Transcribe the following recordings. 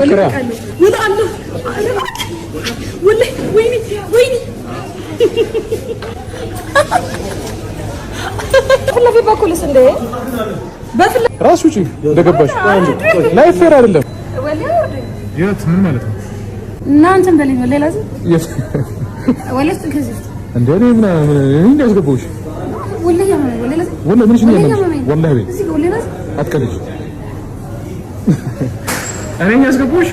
ፍለፊት በኩልስ እንደ ራሱ ውጪ እንደገባሽ ላይ ፌር አይደለም። የት ምን ማለት ነው? እና በለኝ ሌላ እዚህ እኔ ያስገቡሽ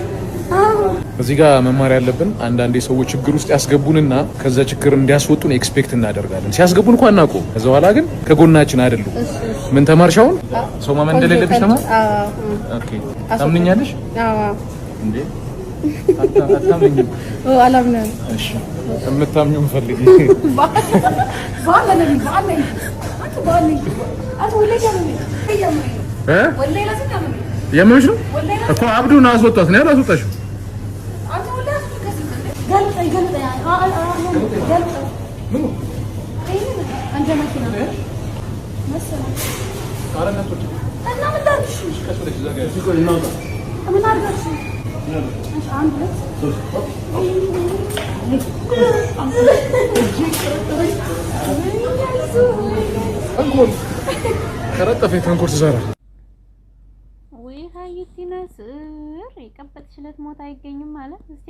እዚህ ጋር መማር ያለብን አንዳንድ የሰዎች ችግር ውስጥ ያስገቡንና ከዛ ችግር እንዲያስወጡን ኤክስፔክት እናደርጋለን። ሲያስገቡን እንኳን እናውቀው፣ ከዛ በኋላ ግን ከጎናችን አይደሉ። ምን ተማርሽ? ሰው ማመን እንደሌለብሽ ተማር። ኦኬ፣ ታምኛለሽ? እንዴ አታምኝም? አላምንም። እሺ፣ የምታምኙ ፈልጊ እ የምንሽ እኮ አብዱን አስወጣት ነው ያላስወጣሽው? ከረጠፈኝ ተንኮል ትሰራ ስር የቀበጥሽለት ሞት አይገኝም ማለት እስቲ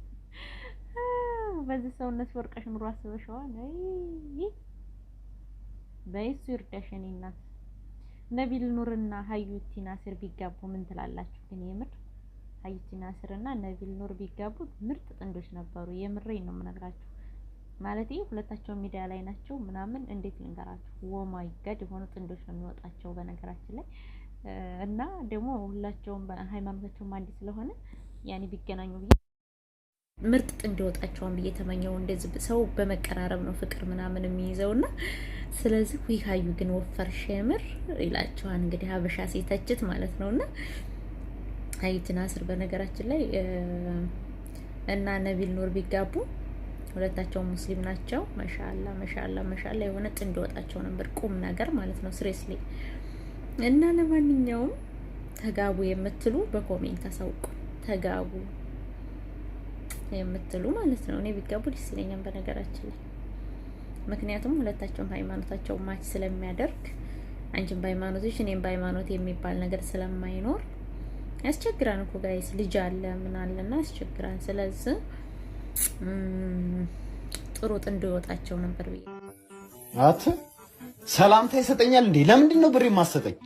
በዚህ ሰውነት ወርቀሽ ኑሮ አስበሽዋል። አይ በይሱ ይርዳሽ። እኔ እናት ነቢል ኑርና ሀዩቲ ናስር ቢጋቡ ምን ትላላችሁ? ግን የምር ሀዩቲ ናስርና ነቢል ኑር ቢጋቡ ምርጥ ጥንዶች ነበሩ። የምሬን ነው የምነግራችሁ። ማለት ሁለታቸው ሚዲያ ላይ ናቸው ምናምን፣ እንዴት ልንገራችሁ? ወማይ ገድ የሆኑ ጥንዶች ነው የሚወጣቸው በነገራችን ላይ እና ደግሞ ሁላቸውም ሃይማኖታቸውም አንድ ስለሆነ ያኔ ቢገናኙ ብዬ ምርጥ ጥንድ ወጣቸውን ብዬ ተመኘው። እንደዚህ ሰው በመቀራረብ ነው ፍቅር ምናምን የሚይዘው እና ስለዚህ ዊሃዩ ግን ወፈር ሸምር ይላቸዋል። እንግዲህ ሀበሻ ሴተችት ማለት ነው እና ሀይትን አስር በነገራችን ላይ እና ነቢል ኑር ቢጋቡ ሁለታቸው ሙስሊም ናቸው። መሻላ መሻላ መሻላ የሆነ ጥንድ ወጣቸው ነበር ቁም ነገር ማለት ነው ስሬስሌ እና ለማንኛውም ተጋቡ የምትሉ በኮሜንት አሳውቁ። ተጋቡ የምትሉ ማለት ነው። እኔ ቢጋቡ ደስ ይለኛል በነገራችን ላይ ምክንያቱም ሁለታቸውም ሃይማኖታቸው ማች ስለሚያደርግ አንቺም በሃይማኖትሽ እኔም በሃይማኖት የሚባል ነገር ስለማይኖር ያስቸግራን እኮ ጋይስ፣ ልጅ አለ ምን አለና ያስቸግራን። ስለዚህ ጥሩ ጥንዶ ይወጣቸው ነበር ብዬ አት ሰላምታ ይሰጠኛል እንዴ? ለምንድን ነው ብሬ ማሰጠኝ?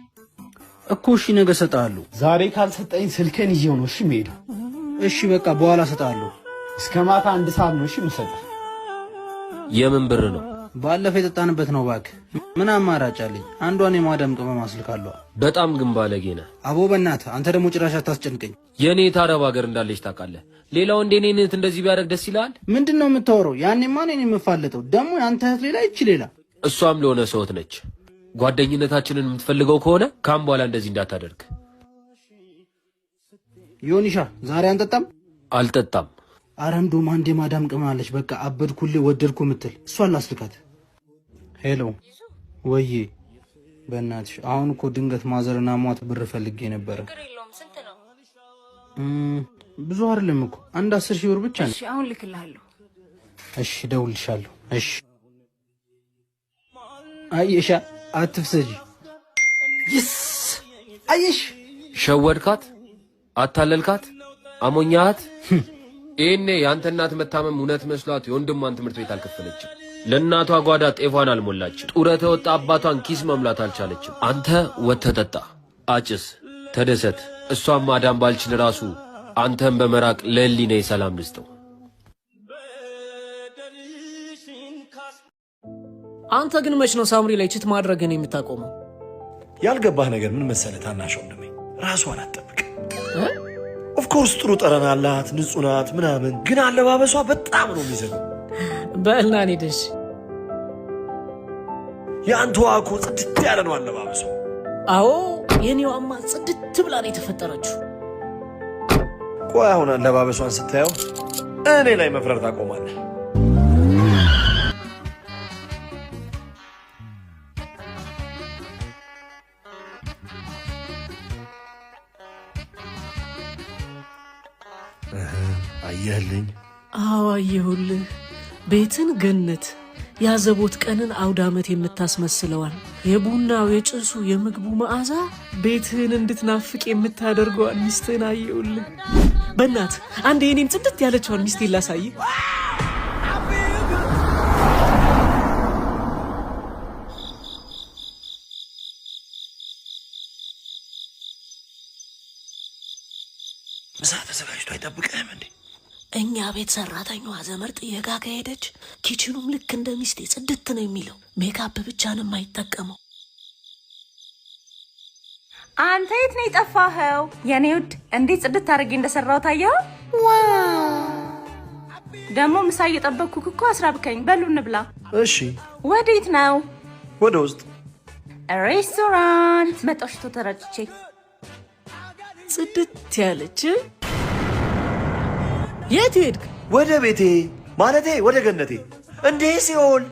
እኮ እሺ፣ ነገ እሰጥሃለሁ። ዛሬ ካልሰጠኝ ስልክህን ይዤው ነው እሺ የምሄደው። እሺ በቃ በኋላ እሰጥሃለሁ። እስከ ማታ አንድ ሰዓት ነው እሺ የምሰጥህ። የምን ብር ነው? ባለፈው የጠጣንበት ነው። እባክህ ምን አማራጭ አለኝ? አንዷን የማዳም ቅመም አስልካለሁ። በጣም ግን ባለጌ ነህ አቦ። በእናትህ አንተ ደግሞ ጭራሽ አታስጨንቀኝ። የእኔ ታረብ ሀገር እንዳለች ታውቃለህ። ሌላው እንደ እኔ እህት እንደዚህ ቢያደርግ ደስ ይላል ምንድን ነው የምታወራው? ያኔማ እኔን የምፋለጠው ደግሞ የአንተ እህት ሌላ፣ ይቺ ሌላ። እሷም ለሆነ ሰውት ነች ጓደኝነታችንን የምትፈልገው ከሆነ ካም በኋላ እንደዚህ እንዳታደርግ። ዮኒሻ ዛሬ አንጠጣም። አልጠጣም። አረ እንደውም አንዴ ማዳም ቅማለች። በቃ አበድኩልህ ወደድኩ ምትል እሷ ላስልካት። ሄሎ ወዬ፣ በእናትሽ አሁን እኮ ድንገት ማዘርና ሟት ብር ፈልጌ ነበረ። ብዙ አይደለም እኮ አንድ አስር ሺህ ብር ብቻ ነው። አሁን ልክልሃለሁ። እሺ፣ እደውልልሻለሁ። እሺ አየሻ አትፍሰጂ። ይስ አየሽ፣ ሸወድካት፣ አታለልካት፣ አሞኛት። ይህኔ የአንተ እናት መታመም እውነት መስሏት የወንድሟን ትምህርት ቤት አልከፈለችም። ለእናቷ ጓዳ ጤፏን አልሞላችም። ጡረተ ወጣ አባቷን ኪስ መምላት አልቻለችም። አንተ ወተጠጣ አጭስ፣ ተደሰት። እሷም ማዳን ባልችል ራሱ አንተን በመራቅ ለህሊናዬ ሰላም ልስጠው። አንተ ግን መች ነው ሳምሪ ላይ ችት ማድረግን የምታቆመው? ያልገባህ ነገር ምን መሰለህ ታናሽ ወንድሜ፣ ራሷን አትጠብቅ። ኦፍኮርስ ጥሩ ጠረን አላት፣ ንጹህ ናት ምናምን፣ ግን አለባበሷ በጣም ነው የሚዘገው። በእልና እኔ ደስ እኮ ጽድት ያለ ነው አለባበሷ። አዎ የኔዋማ ጽድት ብላ ነው የተፈጠረችው። ቆይ አሁን አለባበሷን ስታየው እኔ ላይ መፍረር ታቆማለህ። አየህልኝ? አዎ አየሁልህ። ቤትን ገነት ያዘቦት ቀንን አውድ ዓመት የምታስመስለዋል። የቡናው የጭሱ የምግቡ መዓዛ ቤትህን እንድትናፍቅ የምታደርገዋል። ሚስትህን አየሁልህ። በእናት አንድ የኔን ጽድት ያለችዋን ሚስቴ ላሳይ ልጅቷ አይጠብቅህም እንዴ? እኛ ቤት ሰራተኛዋ ዘመድ ጥየቃ ከሄደች ኪችኑም ልክ እንደ ሚስቴ ጽድት ነው የሚለው። ሜካፕ ብቻንም አይጠቀመው። አንተ የት ነው የጠፋኸው? የኔ ውድ እንዴት ጽድት አድርጌ እንደሰራው ታየኸው። ደግሞ ምሳ እየጠበቅኩህ እኮ አስራብከኝ። ብከኝ በሉ እንብላ። እሺ። ወዴት ነው? ወደ ውስጥ ሬስቶራንት መጣሽቶ ተረጭቼ ጽድት ያለች የት ሄድክ? ወደ ቤቴ ማለቴ ወደ ገነቴ። እንዴ ሲሆን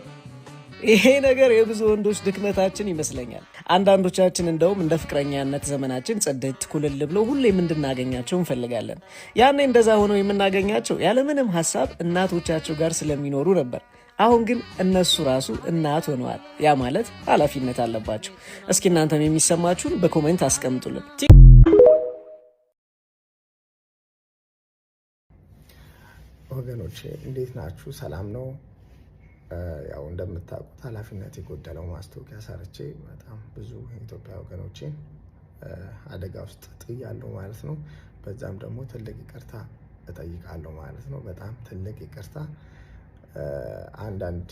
ይሄ ነገር የብዙ ወንዶች ድክመታችን ይመስለኛል። አንዳንዶቻችን እንደውም እንደ ፍቅረኛነት ዘመናችን ጽድት ኩልል ብሎ ሁሌም እንድናገኛቸው እንፈልጋለን። ያኔ እንደዛ ሆነው የምናገኛቸው ያለምንም ሀሳብ እናቶቻቸው ጋር ስለሚኖሩ ነበር። አሁን ግን እነሱ ራሱ እናት ሆነዋል። ያ ማለት ኃላፊነት አለባቸው። እስኪ እናንተም የሚሰማችሁን በኮሜንት አስቀምጡልን። ወገኖች እንዴት ናችሁ? ሰላም ነው። ያው እንደምታውቁት ኃላፊነት የጎደለው ማስታወቂያ ሰርቼ በጣም ብዙ የኢትዮጵያ ወገኖችን አደጋ ውስጥ ጥያለሁ ማለት ነው። በዛም ደግሞ ትልቅ ይቅርታ እጠይቃለሁ ማለት ነው። በጣም ትልቅ ይቅርታ። አንዳንድ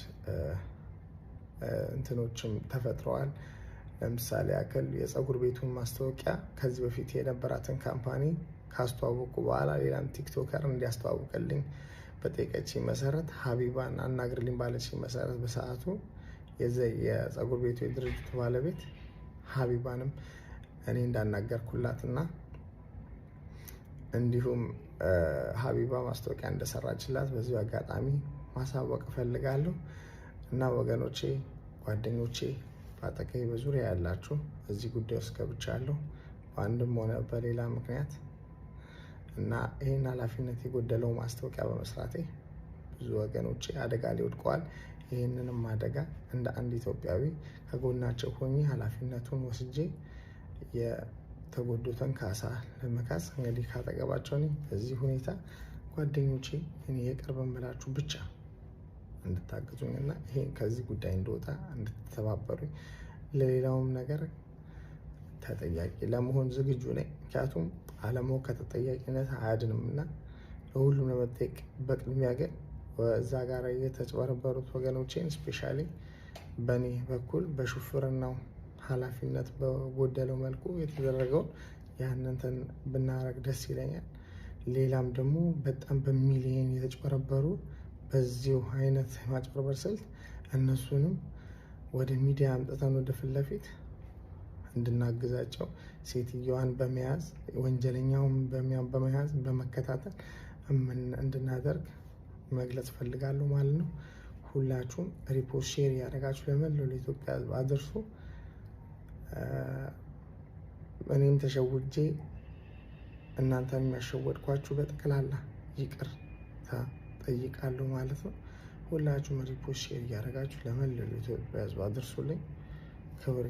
እንትኖችም ተፈጥረዋል። ለምሳሌ ያክል የፀጉር ቤቱን ማስታወቂያ ከዚህ በፊት የነበራትን ካምፓኒ ካስተዋወቁ በኋላ ሌላም ቲክቶከር እንዲያስተዋውቅልኝ በጠየቀች መሰረት ሀቢባን አናግርልኝ ባለች መሰረት በሰዓቱ የጸጉር ቤቱ የድርጅቱ ባለቤት ሀቢባንም እኔ እንዳናገርኩላት እንዲሁም ሀቢባ ማስታወቂያ እንደሰራችላት በዚሁ አጋጣሚ ማሳወቅ እፈልጋለሁ እና ወገኖቼ፣ ጓደኞቼ በአጠቃላይ በዙሪያ ያላችሁ እዚህ ጉዳይ ውስጥ ገብቻለሁ በአንድም ሆነ በሌላ ምክንያት እና ይህን ኃላፊነት የጎደለው ማስታወቂያ በመስራቴ ብዙ ወገኖች አደጋ ላይ ወድቀዋል። ይህንንም አደጋ እንደ አንድ ኢትዮጵያዊ ከጎናቸው ሆኜ ኃላፊነቱን ወስጄ የተጎዱትን ካሳ ለመካስ እንግዲህ ካጠገባቸው ነኝ። በዚህ ሁኔታ ጓደኞቼ እኔ የቅርብ እምላችሁ ብቻ እንድታግዙኝ እና ይሄ ከዚህ ጉዳይ እንደወጣ እንድትተባበሩኝ፣ ለሌላውም ነገር ተጠያቂ ለመሆን ዝግጁ ነኝ። ምክንያቱም አለማወቅ ከተጠያቂነት አያድንም እና ለሁሉም ለመጠየቅ በቅድሚያ ግን እዛ ጋር የተጭበረበሩት ወገኖቼን ስፔሻሊ በእኔ በኩል በሹፍርናው ኃላፊነት በጎደለው መልኩ የተደረገውን ያንንትን ብናረግ ደስ ይለኛል። ሌላም ደግሞ በጣም በሚሊየን የተጭበረበሩ በዚሁ አይነት የማጭበርበር ስልት እነሱንም ወደ ሚዲያ አምጥተን ወደ ፊት ለፊት እንድናግዛቸው ሴትዮዋን በመያዝ ወንጀለኛውን በመያዝ በመከታተል እንድናደርግ መግለጽ ፈልጋለሁ ማለት ነው። ሁላችሁም ሪፖርት ሼር ያደረጋችሁ ለመላው ለኢትዮጵያ ሕዝብ አድርሶ እኔም ተሸውጄ እናንተ የሚያሸወድኳችሁ በጠቅላላ ይቅርታ ጠይቃለሁ ማለት ነው። ሁላችሁም ሪፖርት ሼር እያደረጋችሁ ለመላው ለኢትዮጵያ ሕዝብ አድርሱልኝ ክብር